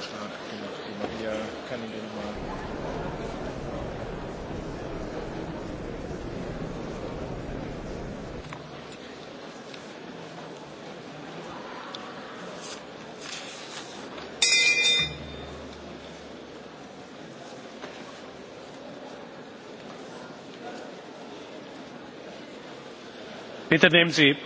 Vorschlag gemacht. Die Maria kann ihn mal bitte nehmen sie